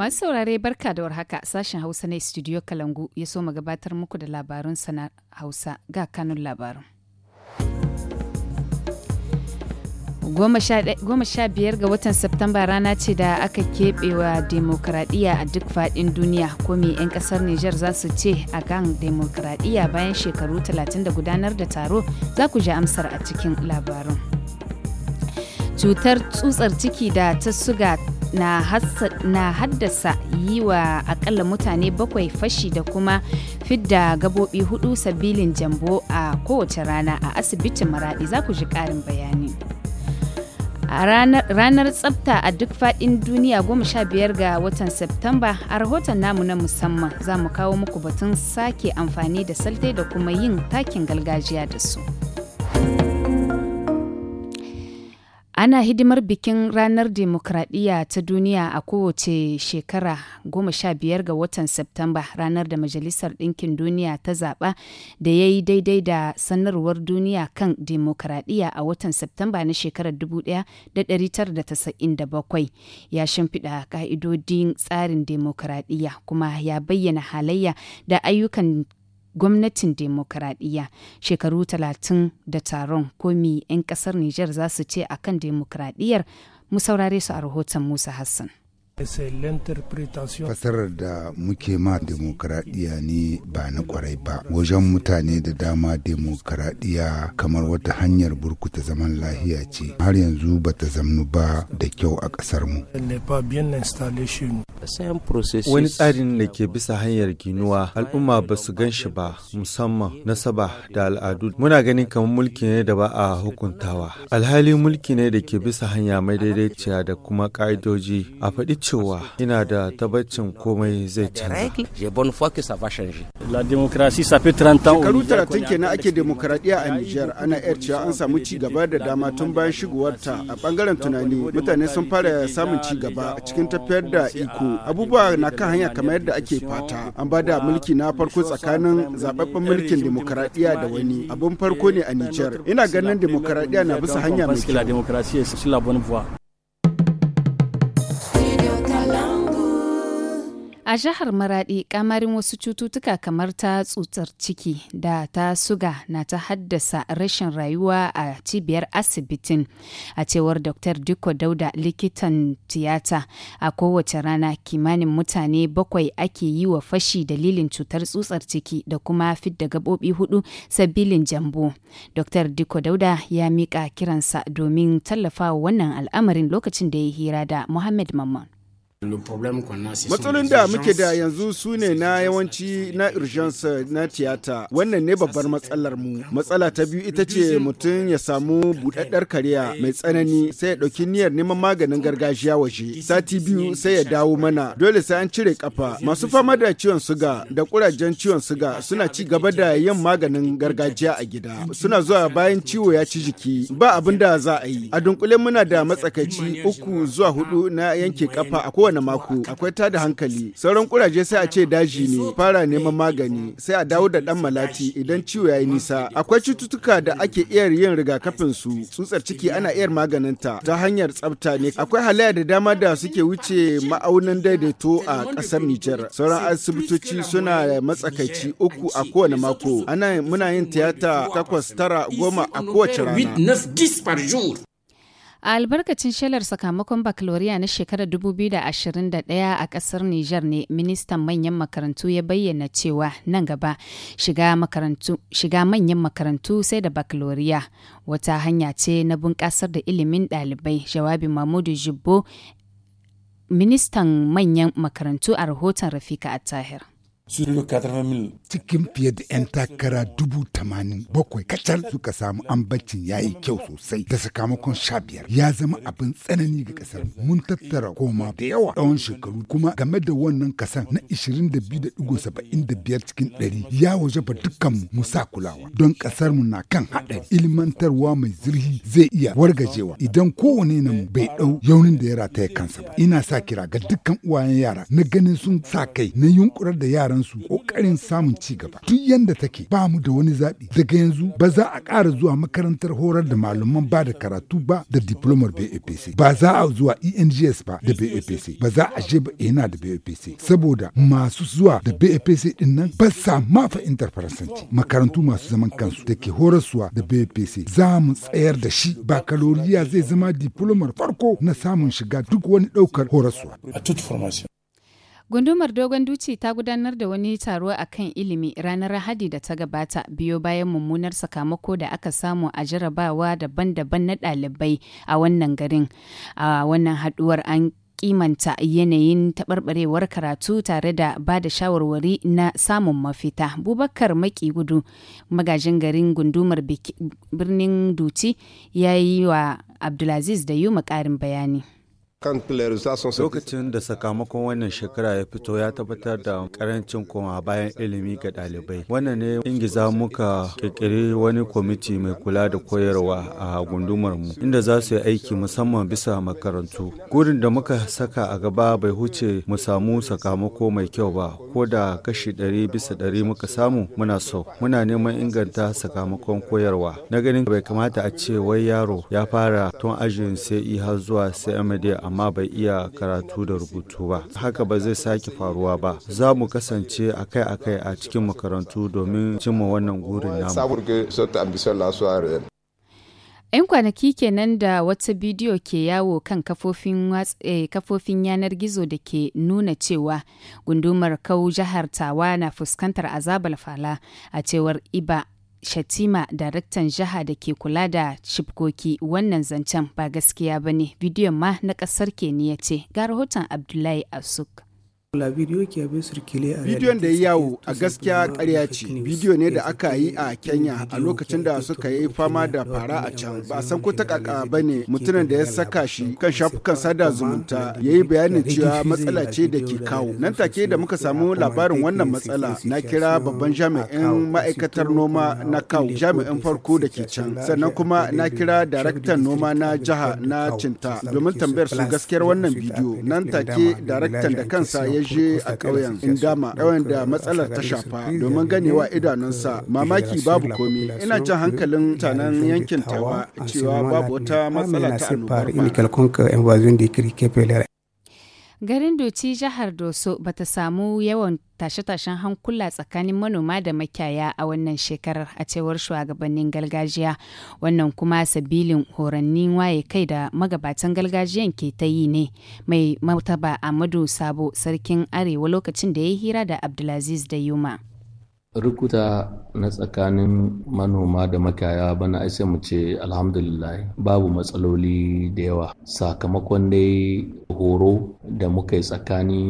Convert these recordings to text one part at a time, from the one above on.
Masu saurare barka da warhaka sashen Hausa na Studio Kalangu ya so ma gabatar muku da labarun sana Hausa ga kanun labarun. Goma sha biyar ga watan Septamba rana ce da aka keɓewa demokuraɗiyya a duk faɗin duniya ko me 'yan ƙasar Nijar za su ce a kan demokuraɗiyya bayan shekaru 30 da gudanar da taro za ku ji amsar a cikin labarun. Cutar tsutsar ciki da ta suga na haddasa yi wa akalla mutane bakwai fashi da kuma fidda gabobi hudu sabilin jambo a kowace rana a asibitin maradi za ku ji karin bayani a ranar tsabta a duk faɗin duniya 15 ga watan septemba a rahoton namu na musamman za mu kawo muku batun sake amfani da salte da kuma yin takin gargajiya da su. Ana hidimar bikin ranar demokradiyya ta duniya a kowace shekara 15 ga watan Septamba ranar da Majalisar Ɗinkin Duniya ta zaɓa da ya yi daidai da sanarwar duniya kan demokradiyya a watan Septamba na shekarar 1997 ya shimfiɗa ƙa'idodin tsarin demokradiyya kuma ya bayyana halayya da ayyukan gwamnatin demokuraɗiyya shekaru talatin da taron komi 'yan ƙasar Nijar za su ce kan demokuraɗiyyar mu saurare su a rahoton Musa Hassan. Fasarar da muke ma demokaradiyya ne ba na kwarai ba. Wajen mutane da dama demokaradiyya kamar wata hanyar burkuta zaman lahiya ce. Har yanzu ba ta zamnu ba da kyau a ƙasar mu. Wani tsarin da ke bisa hanyar ginuwa al'umma ba su gan shi ba musamman nasaba da al'adu. Muna ganin kamar mulki ne da ba a hukuntawa. Alhali mulki ne da ke bisa hanya mai daidaiciya da kuma ƙa'idoji a faɗi cewa ina da tabbacin komai zai canza. Shekaru talatin kenan ake demokradiyya a Nijar ana yar cewa an samu ci gaba da dama tun bayan shigowarta a bangaren tunani mutane sun fara samun ci gaba cikin tafiyar da iko abubuwa na kan hanya kamar yadda ake fata an ba da mulki na farko tsakanin zababben mulkin demokradiyya da wani abun farko ne a Nijar ina ganin demokradiyya na bisa hanya mai kyau. A jihar Maradi kamarin wasu cututtuka kamar ta tsutsar ciki da ta suga na ta haddasa rashin rayuwa a cibiyar asibitin. A cewar Dr. Diko Dauda likitan tiyata a kowace rana kimanin mutane bakwai ake yi wa fashi dalilin cutar tsutsar ciki da kuma fidda gabobi hudu sabilin jambo. Dr. Diko Dauda ya miƙa kiransa domin tallafa wannan al'amarin lokacin da ya hira da Muhammad Mamman. Matsalolin da muke da yanzu su ne na yawanci na urgence eh, na tiyata. Wannan ne babbar matsalar mu. Matsala ta biyu ita ce mutum ya samu budaddar kariya mai tsanani sai ya dauki niyyar neman maganin gargajiya waje. Sati biyu sai ya dawo mana. Dole sai an cire kafa. Masu fama da ciwon suga da kurajen ciwon suga suna ci gaba da yin maganin gargajiya a gida. Suna zuwa bayan ciwo ya ci jiki. Ba abin da za a yi. A dunkule muna da matsakaici uku zuwa hudu na yanke kafa a kowane kowane mako akwai tada hankali sauran kuraje sai a ce daji ne fara neman magani sai a dawo da dan malati idan ciwo ya yi nisa akwai cututtuka da ake iya yin rigakafin su tsutsar ciki ana iya maganin ta hanyar tsafta ne akwai halayya da dama da suke wuce ma'aunin daidaito a kasar Nijar sauran asibitoci suna matsakaici uku a kowane mako ana muna yin tiyata takwas tara goma a kowace rana A albarkacin shelar sakamakon bakaloriya na shekarar 2021 a kasar Nijar ne ministan manyan makarantu ya bayyana cewa nan gaba shiga manyan makarantu sai da bakaloriya wata hanya ce na bunƙasar da ilimin ɗalibai jawabin Mahmudu Jibbo ministan manyan makarantu a rahoton Rafika tahir. su katarfa mil. Cikin fiye da 'yan takara dubu tamanin bakwai kacal suka samu ambacin ya yi kyau sosai da sakamakon sha biyar ya zama abin tsanani ga kasar mun tattara koma da yawa tsawon shekaru kuma game da wannan kasan na 22.75 cikin 100 ya waje ba dukkan mu sa kulawa don kasar mu na kan haɗari ilmantarwa mai zurfi zai iya wargajewa idan kowane mu bai ɗau yaunin da ya rataya kansa ba ina sa kira ga dukkan uwayen yara na ganin sun sa kai na yunkurar da yaran yaransu ƙoƙarin samun ci gaba. Duk yanda take ba mu da wani zaɓi daga yanzu ba za a ƙara zuwa makarantar horar da malaman ba da karatu ba da diplomar BAPC. Ba za a zuwa ENGS ba da BAPC. Ba za a je ba ina da BAPC. Saboda masu zuwa da BAPC ɗin nan ba sa ma fahimtar Faransanci. Makarantu masu zaman kansu da ke horaswa da BAPC za mu tsayar da shi ba kaloriya zai zama diplomar farko na samun shiga duk wani ɗaukar horaswa. A toute formation. Gundumar Dogon Duci ta gudanar da wani taro a kan ilimi ranar Lahadi da ta gabata biyo bayan mummunar sakamako da aka samu a jarabawa daban-daban na ɗalibai a wannan garin. A wannan haɗuwar an kimanta yanayin taɓarɓarewar karatu tare da ba da shawarwari na samun mafita. Bubakar Maki Gudu, magajin garin gundumar birnin Duci, ya yi wa Abdulaziz da yi bayani. Lokacin da sakamakon wannan shekara ya fito ya tabbatar da karancin koma bayan ilimi ga ɗalibai. Wannan ne ingiza muka kirkiri wani kwamiti mai kula da koyarwa a gundumar mu inda za su yi aiki musamman bisa makarantu. Gurin da muka saka a gaba bai huce mu samu sakamako mai kyau ba ko da kashi ɗari bisa ɗari muka samu muna so. Muna neman inganta sakamakon koyarwa. Na ganin bai kamata a ce wai yaro ya fara tun ajin sai e har zuwa sai amma bai iya karatu da rubutu ba haka ba zai sake faruwa ba za mu kasance akai-akai a cikin makarantu domin cimma wannan gurin namu 'Yan kwanaki kenan da wata bidiyo ke yawo kan eh, kafofin yanar gizo da ke nuna cewa gundumar kau jihar Tawa na fuskantar azabar fala a cewar Iba Shatima daraktan jiha da ke kula da cibkoki wannan zancen ba gaskiya ba ne bidiyon ma na ƙasar ke ya ce ga rahoton Abdullahi Asuk. Bidiyon da ya yawo a gaskiya karya ce, bidiyo ne da aka yi a Kenya a lokacin da suka yi fama da fara a can. Ba a san ko kaka ba ne mutumin da ya saka shi kan shafukan sada zumunta ya yi bayanin cewa matsala ce da ke kawo. Nan take da muka samu labarin wannan matsala na kira babban jami'in ma'aikatar noma na kawo jami'in farko da ke can. Sannan kuma na kira daraktan noma na jiha na Cinta domin tambayar su gaskiyar wannan bidiyo. Nan take daraktan da kansa ya ya je a ƙauyen Indama ƙauyen da matsalar ta shafa domin ganewa idanunsa mamaki babu komi ina jan hankalin mutanen yankin tawa cewa babu wata matsala ta annobar Garin Doci jihar Doso bata samu yawan tashe-tashen hankula tsakanin manoma da makyaya a wannan shekarar a cewar shugabannin gargajiya wannan kuma sabilin horannin waye kai da magabatan gargajiyan ke ta yi ne mai martaba amadu sabo sarkin arewa lokacin da ya hira da abdulaziz da yuma rukuta na tsakanin manoma da makaya bana sai mu ce alhamdulillah babu matsaloli da yawa sakamakon dai horo da muka yi tsakani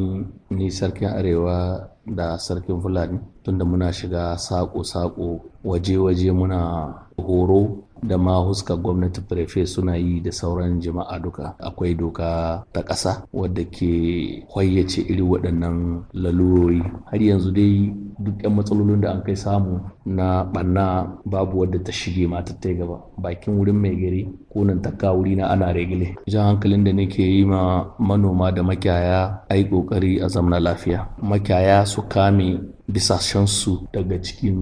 ni sarkin arewa da sarkin fulani tunda muna shiga sako-sako waje-waje muna horo da ma huska gwamnati prefe suna yi da sauran jama'a duka akwai doka ta ƙasa wadda ke kwayyace iri waɗannan lalurori har yanzu dai duk 'yan matsalolin da an kai samu na banna babu wadda ta shige mata ta gaba bakin wurin mai gari nan ta wuri na ana regile jan hankalin da nake yi ma manoma da makiyaya ai kokari a zamna lafiya makiyaya su kame bisashensu daga cikin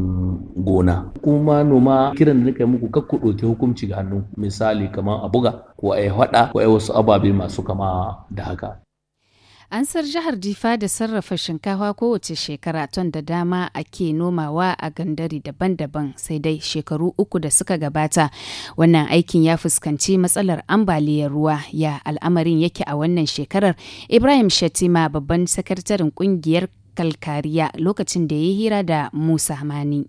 gona kuma noma kiran da nake muku kakku ɗauki hukunci ga hannu misali kamar a buga ko a yi ko a wasu ababe masu kama da haka an Ansar jihar jifa da sarrafa shinkafa kowace shekara ton da dama ake nomawa a gandari daban-daban sai dai shekaru uku da suka gabata. Wannan aikin ya fuskanci matsalar ambaliyar ruwa ya al'amarin yake a wannan shekarar. Ibrahim Shatima babban sakataren kungiyar Kalkariya lokacin da ya hira da Musa Mani.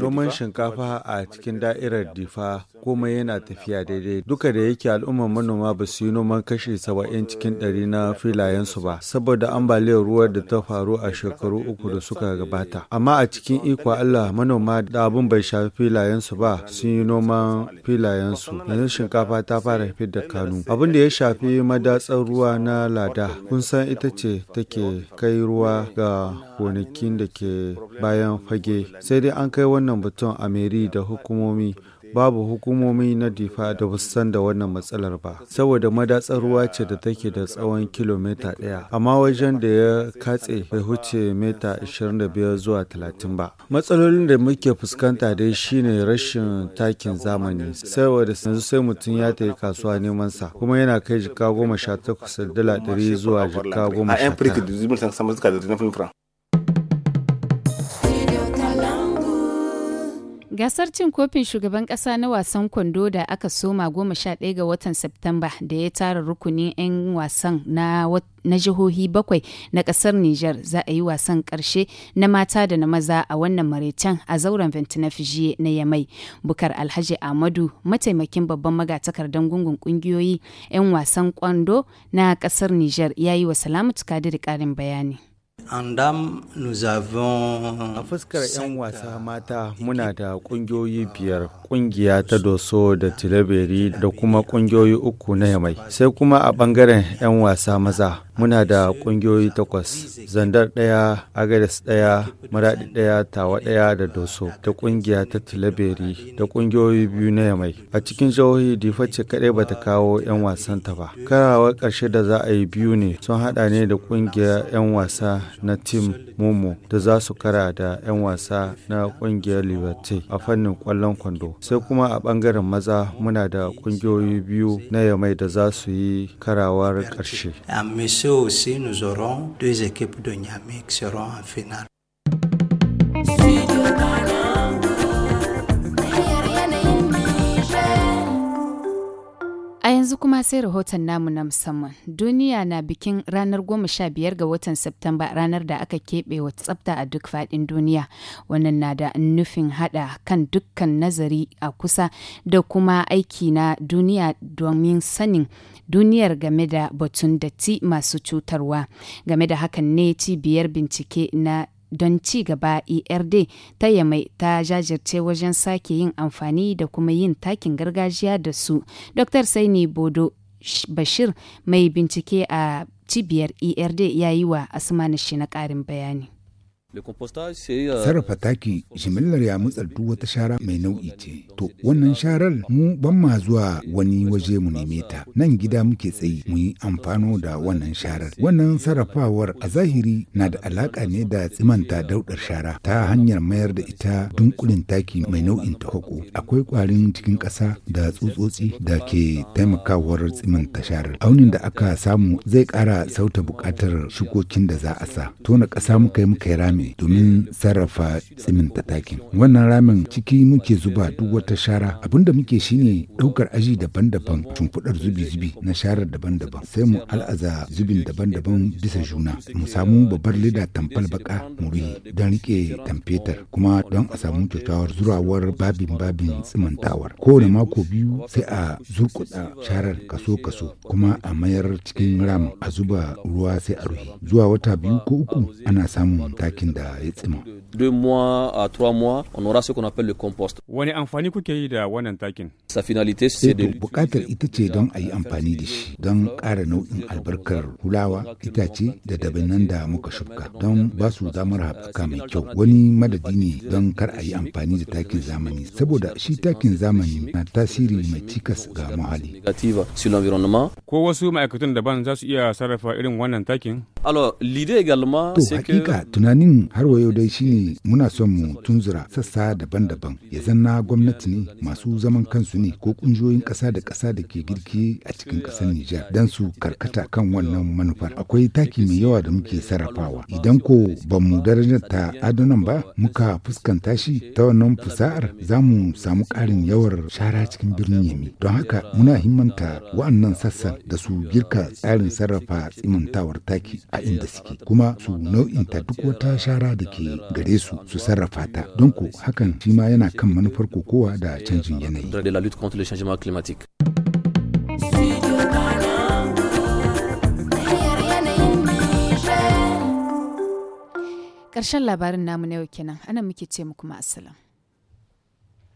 Noman shinkafa a cikin da'irar Difa komai yana tafiya daidai duka da yake al'ummar manoma ba su yi noman kashi saba'in cikin ɗari na filayensu ba saboda ambaliyar ruwa da ta faru a shekaru uku da suka gabata. Amma a cikin iko Allah manoma da abin bai shafi filayensu ba sun yi noman filayensu yanzu shinkafa ta fara fidda kanu. Abin da ya shafi madatsar ruwa na lada kun san ita ce take kai ruwa ga gonakin da ke bayan fage sai dai an kai wannan batun a meri da hukumomi babu hukumomi na difa da ba san da wannan matsalar ba saboda madatsar ruwa ce da take da tsawon kilomita daya. amma wajen da ya katse bai huce mita 25 zuwa 30 ba matsalolin da muke fuskanta dai shine rashin takin zamani saboda yanzu sai mutum ya yi kasuwa neman sa kuma yana kai jika goma sha dala ɗari zuwa jika goma Gasar cin kofin shugaban ƙasa na wasan kwando da aka soma goma sha ɗaya ga watan Septamba da ya tara rukunin 'yan wasan na na jihohi bakwai na kasar Nijar za a yi wasan ƙarshe na mata da na maza a wannan maraicen a zauren ventina fijiye na Yamai. Bukar Alhaji Ahmadu mataimakin babban magatakardan gungun ƙungiyoyi 'yan wasan kwando na kasar Nijar ya yi wa Salamatu da ƙarin bayani. A fuskar 'yan wasa euh, mata muna da ƙungiyoyi biyar ƙungiya ta doso da tilaberi da kuma ƙungiyoyi uku na yamai sai kuma a ɓangaren 'yan wasa maza muna da ƙungiyoyi takwas zandar ɗaya agares ɗaya maraɗi ɗaya tawa ɗaya da doso da ƙungiya ta tilaberi da ƙungiyoyi biyu na yamai a cikin jihohi difa ce kaɗai bata kawo 'yan wasan ta ba karawar ƙarshe da za a yi biyu ne sun haɗa ne da ƙungiyar 'yan wasa na tim Momo da za su kara da 'yan wasa na kungiyar Liberté a fannin kwallon kwando. Sai kuma a bangaren maza muna da kungiyoyi biyu na yamai da za su yi karawar ƙarshe. yanzu kuma sai rahoton namu na musamman. Duniya na bikin ranar goma sha biyar ga watan Septemba ranar da aka keɓe wa tsafta a duk faɗin duniya. Wannan na da nufin haɗa kan dukkan nazari a kusa da kuma aiki na duniya domin sanin duniyar game da batun datti masu cutarwa. Game da hakan ne cibiyar bincike na don ci gaba erd ta yamai ta jajirce wajen sake yin amfani da kuma yin takin gargajiya da su dr saini bodo bashir mai bincike a cibiyar erd ya yi wa na shi na karin bayani Euh, Sarrafa taki jimillar ya duk wata shara mai nau'i ce. To wannan sharar mu ban ma zuwa wani waje mu neme ta. Nan gida muke tsayi mu yi amfano da wannan sharar. Wannan sarrafawar a zahiri na da alaƙa ne da tsimanta daudar shara ta hanyar mayar da ita dunkulin taki mai nau'in tahoko. Akwai ƙwarin cikin ƙasa da tsutsotsi da ke taimakawar tsimanta sharar. Aunin da aka samu zai ƙara sauta buƙatar shukokin da za a sa. Tona ƙasa muka yi muka yi rami ne domin sarrafa tsiminta takin wannan ramin ciki muke zuba duk wata shara abinda muke shine daukar aji daban-daban cunkuɗar zubi-zubi na sharar daban-daban sai mu al'aza zubin daban-daban bisa juna mu samu babbar leda tamfal baka mu ruhi don rike tamfetar kuma don a samu kyakkyawar zurawar babin-babin tsimantawa kowane mako biyu sai a zurkuɗa sharar kaso-kaso kuma a mayar cikin ramin a zuba ruwa sai a ruhi zuwa wata biyu ko uku ana samun takin んだいつも deux mois à trois mois, on aura ce qu'on appelle le compost. Wani amfani kuke yi da wannan takin? Sa finalité c'est eh, de bukatar ita ce don a yi amfani da shi don ƙara nau'in albarkar hulawa, itace da dabinan da muka shuka don ba su damar haɓaka mai kyau. Wani madadi ne don kar a yi amfani da takin zamani saboda shi takin zamani na tasiri mai cikas ga muhalli. Ko wasu ma'aikatan daban za su iya sarrafa irin wannan takin? Alors, l'idée également, c'est hakika tunanin har wa yau dai shine muna son mu tunzura sassa daban-daban ya zanna gwamnati ne masu zaman kansu ne ko kungiyoyin ƙasa da ƙasa da ke girki a cikin ƙasar Nijar don su karkata kan wannan manufar. Akwai taki mai yawa da muke sarrafawa. Idan ko ba mu ta adunan ba muka fuskanta shi ta wannan fusa'ar za mu samu ƙarin yawar shara cikin birnin Yemi. Don haka muna himmanta wa'annan sassan da su girka tsarin sarrafa tsimantawar taki a inda suke kuma su nau'inta duk wata shara da ke gare gare su su sarrafa ta don ku hakan shi ma yana kan manufar kokowa da canjin yanayi. Ƙarshen labarin namu na yau kenan, ana muke ce muku ma'asalam.